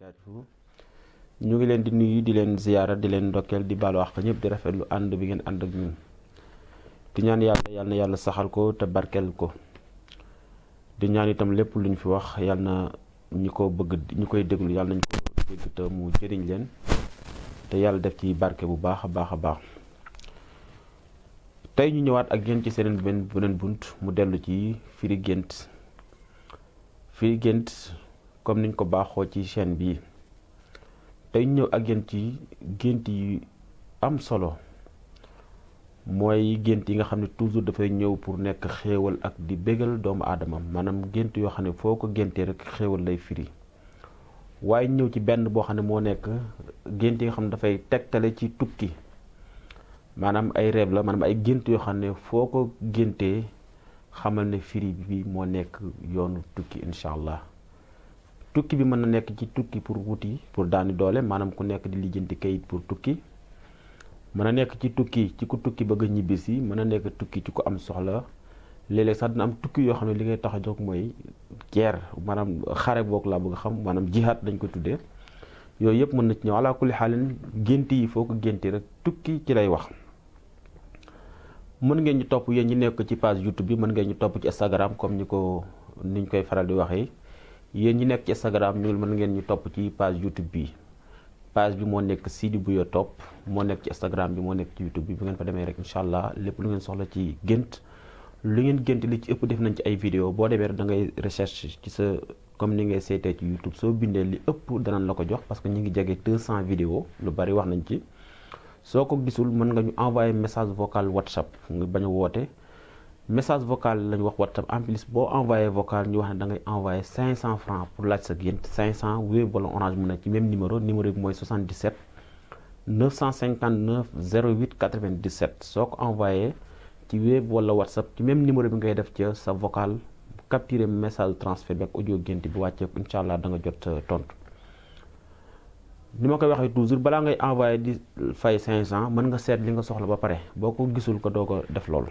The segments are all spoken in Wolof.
barakatuhu ñu ngi leen di nuyu di leen ziyaara di leen ndokkeel di bal wax ñëpp di rafetlu ànd bi ngeen ànd ak ñun di ñaan yàlla yàl yàlla saxal ko te barkeel ko di ñaan itam lépp lu ñu fi wax yàl na ñi ko bëgg ñu koy déglu yàlla nañu ko dégg te mu jëriñ leen te yàlla def ci barke bu baax a baax a baax tey ñu ñëwaat ak yéen ci seen beneen bunt mu dellu ci firi gént comme niñ ko baaxoo ci chaîne bii tey ñëw ak yéen ci gént yi am solo mooy gént yi nga xam ne toujours dafay ñëw pour nekk xéewal ak di bégal doomu aadama maanaam gént yoo xam ne foo ko géntee rek xéewal lay firi waaye ñëw ci benn boo xam ne moo nekk gént yi nga xam ne dafay tegtale ci tukki maanaam ay rêve la maanaam ay gént yoo xam ne foo ko géntee xamal ne firi bi moo nekk yoonu tukki incha allah tukki bi mën na nekk ci tukki pour wuti pour daani doole maanaam ku nekk di lijjanti kayit pour tukki mën na nekk ci tukki ci ku tukki bëgg a ñibbisi mën na nekk tukki ci ko am soxla léeg-léeg sax dina am tukki yoo xam ne li ngay tax a jóg mooy guerre maanaam xare boog laa bëgg xam maanaam jihaad dañ ko tuddee yooyu yëpp mën na ci ñëw ala xaalin gént yi foo ko génti rek tukki ci lay wax mën ngeen topp yéen ñi nekk ci page YouTube bi mën ngeen ñu topp ci Instagram comme ñu ko niñ koy faral di waxee yéen ñi nekk ci Instagram ñu mën ngeen ñu topp ci page YouTube bi page bi moo nekk Sidy Bouya Top moo nekk ci Instagram bi moo nekk ci YouTube bi bu ngeen fa demee rek incha allah lépp lu ngeen soxla ci gént lu ngeen gént li ci ëpp def nañ ci ay vidéo boo demee rek da ngay recherche ci sa comme ni ngay seetee ci YouTube soo bindee li ëpp danañ la ko jox parce que ñu ngi jege 200 vidéo lu bari wax nañ ci soo ko gisul mën nga ñu envoyé messag vocal WhatsApp nga bañ a woote. message vocal lañ wax WhatsApp en plus boo envoyé vocal ñu wax ne da ngay envoyé 500 francs pour laaj sa gént 500 Wave wala Orange mu nekk ci même numéro numéro bi mooy 77 959 08 97 soo ko envoyé ci Wave wala WhatsApp ci même numéro bi ngay def ca sa vocal capturer message transfert bi ak audio gént bi wàccee ko incha allah da nga jot euh, tontu ni ma koy waxee toujours balaa ngay envoyé di fay 500 mën nga seet li nga soxla ba pare boo ko gisul ko doo ko def lool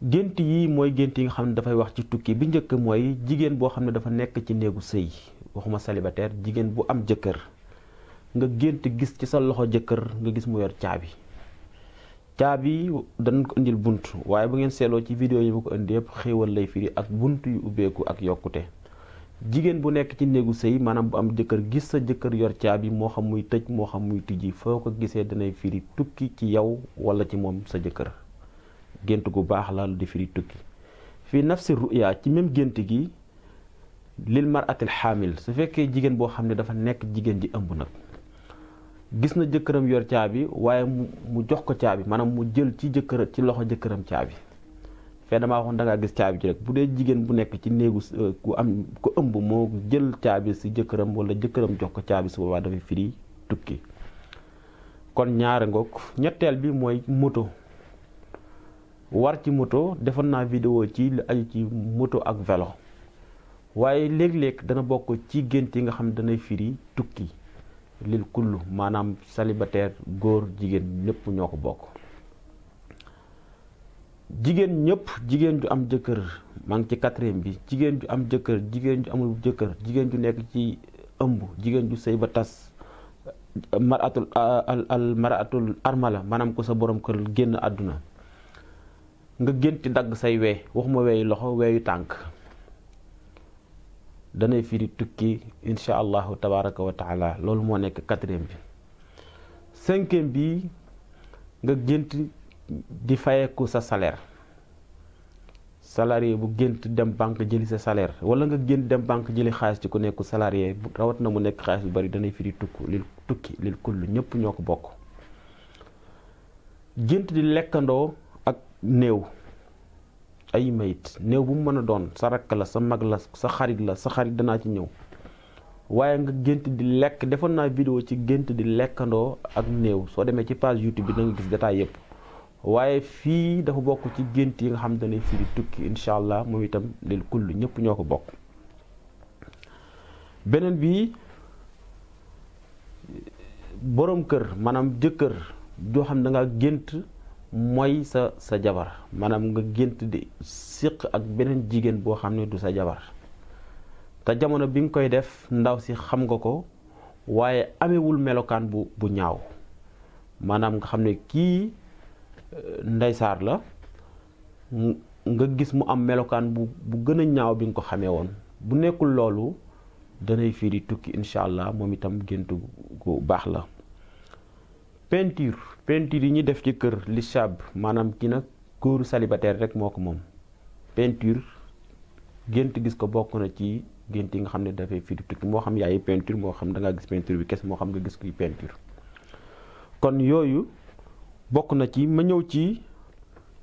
gént yi mooy gént yi nga xam ne dafay wax ci tukki bi njëkk mooy jigéen boo xam ne dafa nekk ci néegu sëy waxuma célibataire jigéen bu am jëkkër nga gént gis ci sa loxo jëkkër nga gis mu yor caabi caabi dañ ko indil bunt waaye bu ngeen seeloo ci vidéo yi ma ko indi yëpp xéewal lay firi ak bunt yu ubbeeku ak yokkute jigéen bu nekk ci néegu sëy maanaam bu am jëkkër gis sa jëkkër yor caabi moo xam muy tëj moo xam muy tijji foo ko gisee danay firi tukki ci yow wala ci moom sa jëkkër gént gu baax la di firi tukki fii nafsi ruya ci même gént gi lil maratil xaamil su fekkee jigéen boo xam ne dafa nekk jigéen ji ëmb nag gis na jëkkëram yor caabi waaye mu jox ko caabi maanaam mu jël ci jëkkër ci loxo jëkkëram caabi fee damaa waxoon da ngaa gis caabi ji rek bu dee jigéen bu nekk ci néegu euh, ku am ku ëmb moo jël caabi si jëkkëram wala jëkkëram jox ko caabi su boobaa dafay firi tukki kon ñaara ngoog ñetteel bi mooy moto war ci moto defoon naa vidéo ci lu aju ci moto ak velo waaye léeg-léeg dana bokk ci gént yi nga xam danay firi tukki lil kullu maanaam célibataire góor jigéen ñëpp ñoo ko bokk jigéen ñépp jigéen ju am jëkkër maa ngi ci quatrième bi jigéen ju am jëkkër jigéen ju amul jëkkër jigéen ju nekk ci ëmb jigéen ju sëy ba tas maratul al maratul armala maanaam ko sa borom kër génn àdduna nga génti dagg say wee waxuma weeyu loxo weeyu tànk danay firi tukki insha allahu tabaraka wa loolu moo nekk quatrième bi cinquième bi nga gént di fayeku sa salaire salarié bu gént dem banque jëli sa salaire wala nga gént dem bànk jëli xaalis ci ku nekku salarié rawat na mu nekk xaalis bu bari danay firi tukk lil tukki lil kull ñëpp ñoo ko bokk gént di lekkandoo néew ay mayit néew bu mu mën a doon sa rakk la sa mag la sa xarit la sa xarit danaa ci ñëw waaye nga gént di lekk defoon naa vidéo ci gént di lekkandoo ak néew soo demee ci page YouTube bi da gis détail yëpp waaye fii dafa bokk ci gént yi nga xam ne firi tukki incha allah moom itam lil kull ñépp ñoo ko bokk beneen bi boroom kër maanaam jëkkër joo xam da nga gént mooy sa sa jabar maanaam nga gént di siq ak beneen jigéen boo xam ne du sa jabar te jamono bi nga koy def ndaw si xam nga ko waaye amewul melokaan bu bu ñaaw maanaam nga xam ne kii euh, ndeysaar la nga gis mu am melokaan bu bu gën a ñaaw bi nga ko xamee woon bu nekkul loolu danay firi tukki incha allah moom itam gént gu baax la peinture peinture yi ñu def ci kër li chab maanaam ki nag góoru célibataire rek moo ko moom peinture gént gis ko bokk na ci gént yi nga xam ne dafay firi tukki moo xam yaayi peinture moo xam da ngaa gis peinture bi kes moo xam nga gis kuy peinture kon yooyu bokk na ci ma ñëw ci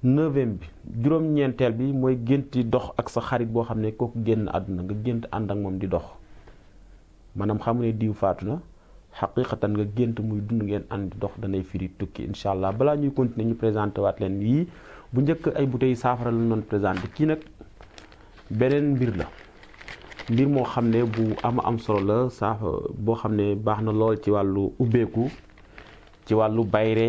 neuvième bi juróom-ñeenteel bi mooy génti dox ak sa xarit boo xam ne kooku génn àdduna nga gént ànd ak moom di dox maanaam xam ne diw faatu na xaqiqatan nga gént muy dund ngeen ànd dox danay firi tukki incha allah balaa ñuy continuer ñu présenté waat leen yii bu njëkk ay bouteilles saafara la noon présenté kii nag beneen mbir la mbir moo xam ne bu am am solo la saaf boo xam ne baax na lool ci wàllu ubbeeku ci wàllu bayre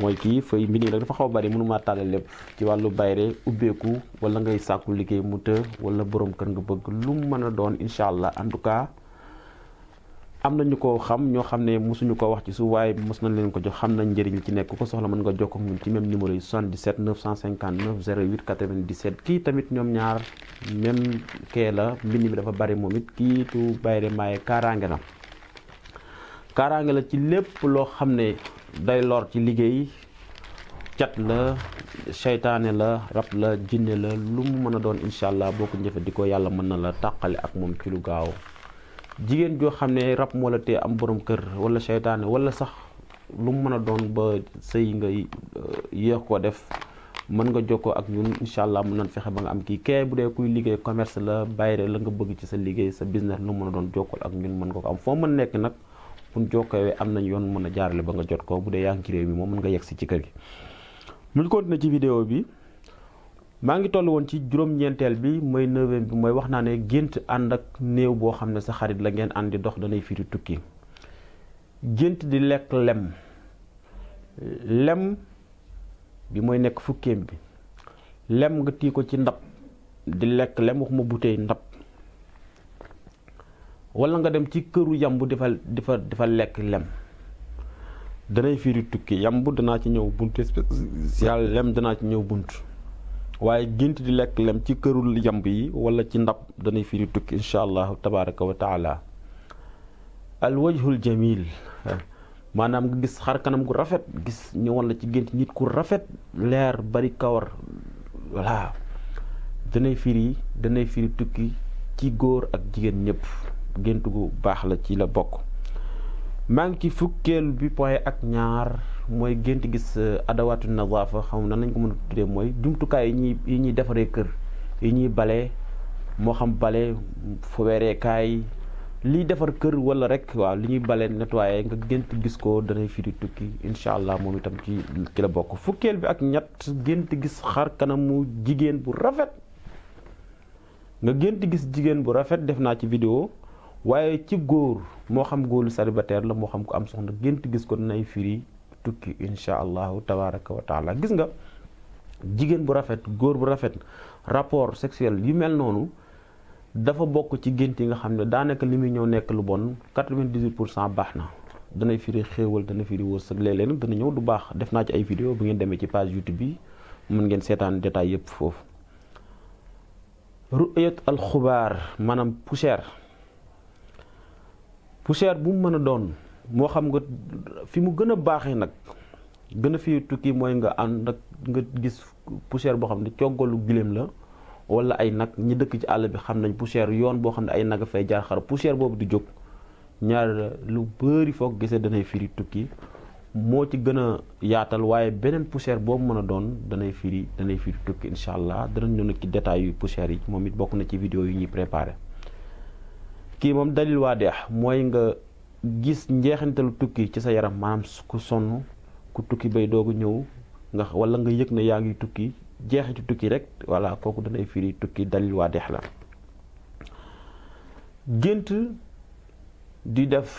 mooy kii fay mbir nii nag dafa xaw a bari mënumaa tàllal lépp ci wàllu bayre ubbeeku wala ngay sàkku liggéey mu të wala borom kër nga bëgg lu mën a doon incha allah en tout cas am ñu ko xam ñoo xam ne mosuñu ko wax ci suuf waaye mos nañ leen ko jox xam nañ njëriñ li ci nekk ku ko soxla mën nga jokkoo ak ñun ci même numéro yi 77 959 08 97 kii tamit ñoom ñaar même la mbind mi dafa bari moom it kii tu bayre maaye kaaraange la kaaraange la ci lépp loo xam ne day lor ci liggéey cat la seytaane la rab la jinne la lu mu mën a doon incha allah boo ko jëfandikoo yàlla mën na la tàqale ak moom ci lu gaaw jigéen joo xam ne rab moo la tee am borom kër wala seytaane wala sax lu mu mën a doon ba sëy nga euh, yéex koo def mën nga jokkoo ak ñun incha allah mën nañ fexe ba nga am kii kee bu dee kuy liggéey commerce la bàyyire la nga bëgg ci sa liggéey sa business lu mën a doon jokkal ak ñun mën nga ko am foo mën nekk nag buñ jokkowee am nañ yoon mën a jaarale ba nga jot ko bu dee yaa ngi mi moom mën nga yegg si ci kër gi. mu ngi continué ci vidéo bi. maa ngi toll woon ci juróom-ñeenteel bi mooy neuvième bi mooy wax naa ne gént ànd ak néew boo xam ne sa xarit la ngeen àndi dox danay fiiru tukki gént di lekk lem lem bi mooy nekk fukkeem bi lem nga tii ko ci ndab di lekk lem waxuma butéey ndab wala nga dem ci këru yamb di fa di fa di fa lekk lem danay firi tukki yamb danaa ci ñëw bunt danaa ci ñëw bunt waaye gént di lekk lem ci kërul yamb yi wala ci ndab danay firi tukki incha allahu tabaraka wa taala al wajhul jamil maanaam nga gis xar kanam gu rafet gis ñëwoon la ci gént nit ku rafet leer bari kawar voilà danay firi danay firi tukki ci góor ak jigéen ñépp gént gu baax la ci la bokk maa ngi ci fukkeel bi point ak ñaar mooy gént gis euh, adawaatu nazaafa xam nan nañ ko mën a tuddee mooy jumtukaay yi ñuy yi ñuy defaree kër yi ñuy bale moo xam bale fowereekaay liy defar kër wala rek waaw li ñuy bale nettoyé nga gént gis ko danay firi tukki incha allah moom itam ci ci la bokk fukkeel bi ak ñett gént gis xar kanamu jigéen bu rafet nga gént gis jigéen bu rafet def naa ci vidéo waaye ci góor moo xam góoru célibataire la moo xam ko am soxna gént gis ko danay firi tukki incha allahu tabaraka wa taala gis nga jigéen bu rafet góor bu rafet rapport sexuel yu mel noonu dafa bokk ci gént yi nga xam ne daanaka li muy ñëw nekk lu bon 98 pour cent baax na danay firi xéewal dana firi wërsëg léeg dana ñëw du baax def naa ci ay vidéo bu ngeen demee ci page youtube bi mën ngeen seetaan détail yépp foofu ruyat al xubaar maanaam poussière poussière bu mu mën a doon moo xam nga fi mu gën a baaxee nag gën a fi tukki mooy nga ànd nag nga gis poussière boo xam ne coggalu giléem la wala ay nag ñi dëkk ci àll bi xam nañ poussière yoon boo xam ne ay nag fay jaar xar poussière boobu di jóg ñaar lu bëri foog gisee danay firi tukki moo ci gën a yaatal waaye beneen poussière boobu mën a doon danay firi danay firi tukki incha allah danañ ñëw nag ci détails yu poussière yi moom it bokk na ci vidéo yu ñuy préparé kii moom dalil waa deex mooy nga gis njeexintalu tukki ci sa yaram maanaam ku sonn ku tukki bay doog ñëw nga wala nga yëg ne yaa ngi tukki jeexitu tukki rek voilà kooku danay firi tukki dalil waa dex la gént di def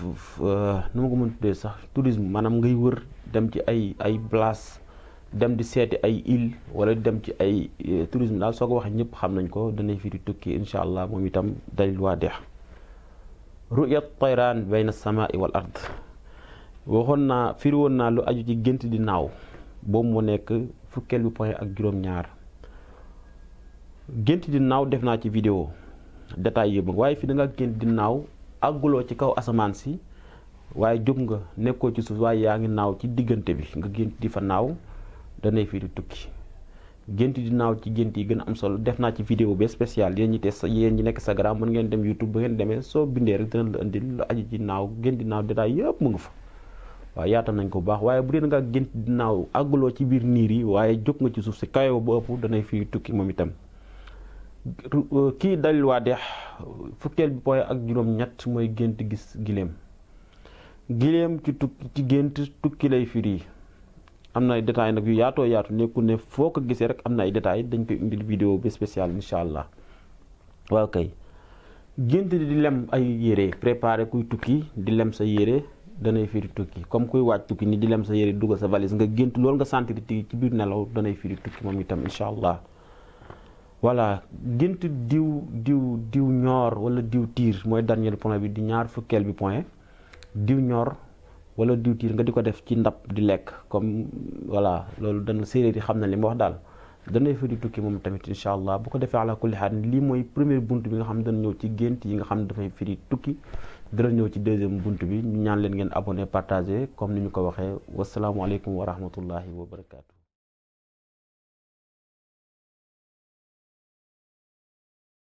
euh, nu ma ko mën tuddee sax tourisme maanaam ngay wër dem ci ay ay place dem di seeti ay île wala dem ci ay euh, tourisme daal soo ko waxee ñëpp xam nañ ko danay firi tukki incha allah moom itam dalil waa dex ru'yat tayraan na samaa'i wal ard waxoon naa firi woon naa lu aju ci gént di naaw boobu mu nekk fukkeel bi point ak juróom-ñaar gént di naaw def naa ci vidéo détail yëpp waaye fii da gént di naaw àgguloo ci kaw asamaan si waaye jóg nga nekkoo ci suuf waaye yaa ngi naaw ci diggante bi nga gént di fa naaw danay firi tukki gént di naaw ci gént yi gën a am solo def naa ci vidéo bi spécial yéen ñi te yéen ñi nekk Instagram mën ngeen dem YouTube ba ngeen demee soo bindee rek dina la indil lu aju ci naaw gént di naaw détail yëpp mu nga fa waaw yaatam nañ ko bu baax waaye bu dee nga gént di naaw àggaloo ci biir niir yi waaye jóg nga ci suuf si kayoo ba ëpp danay fi tukki moom itam euh, kii dalil waa deex fukkeel bi point ak juróom-ñett mooy gént gis giléem giléem ci tukki ci gént tukki lay firi am na ay détails nag yu yaatoo yaatu nekkul ne foo ko gisee rek am na ay détails dañ koy indi vidéo bi spécial incha allah waaw kay gént di lem ay yére préparé kuy tukki di lem sa yére danay firi tukki comme kuy waaj tukki ni di lem sa yére dugal sa valise nga gént loolu nga sentir ci biir nelaw danay firi tukki moom itam incha allah voilà gént diw diw diw ñoor wala diw tiir mooy dernier point bi di ñaar fukkeel bi point diw ñor wala diwtiir nga di ko def ci ndab di lekk comme voilà loolu dana séeréer yi xam na li ma wax daal dana fa di tukki moom tamit incha allah bu ko defee ala kulli xaal lii mooy premier bunt bi nga xam ne dana ñëw ci gént yi nga xam ne dafay firi tukki dana ñëw ci deuxième bunt bi ñu ñaan leen ngeen abonné partagé comme ni ñu ko waxee wasalaamualeykum wa rahmatullahi wa barakaatu.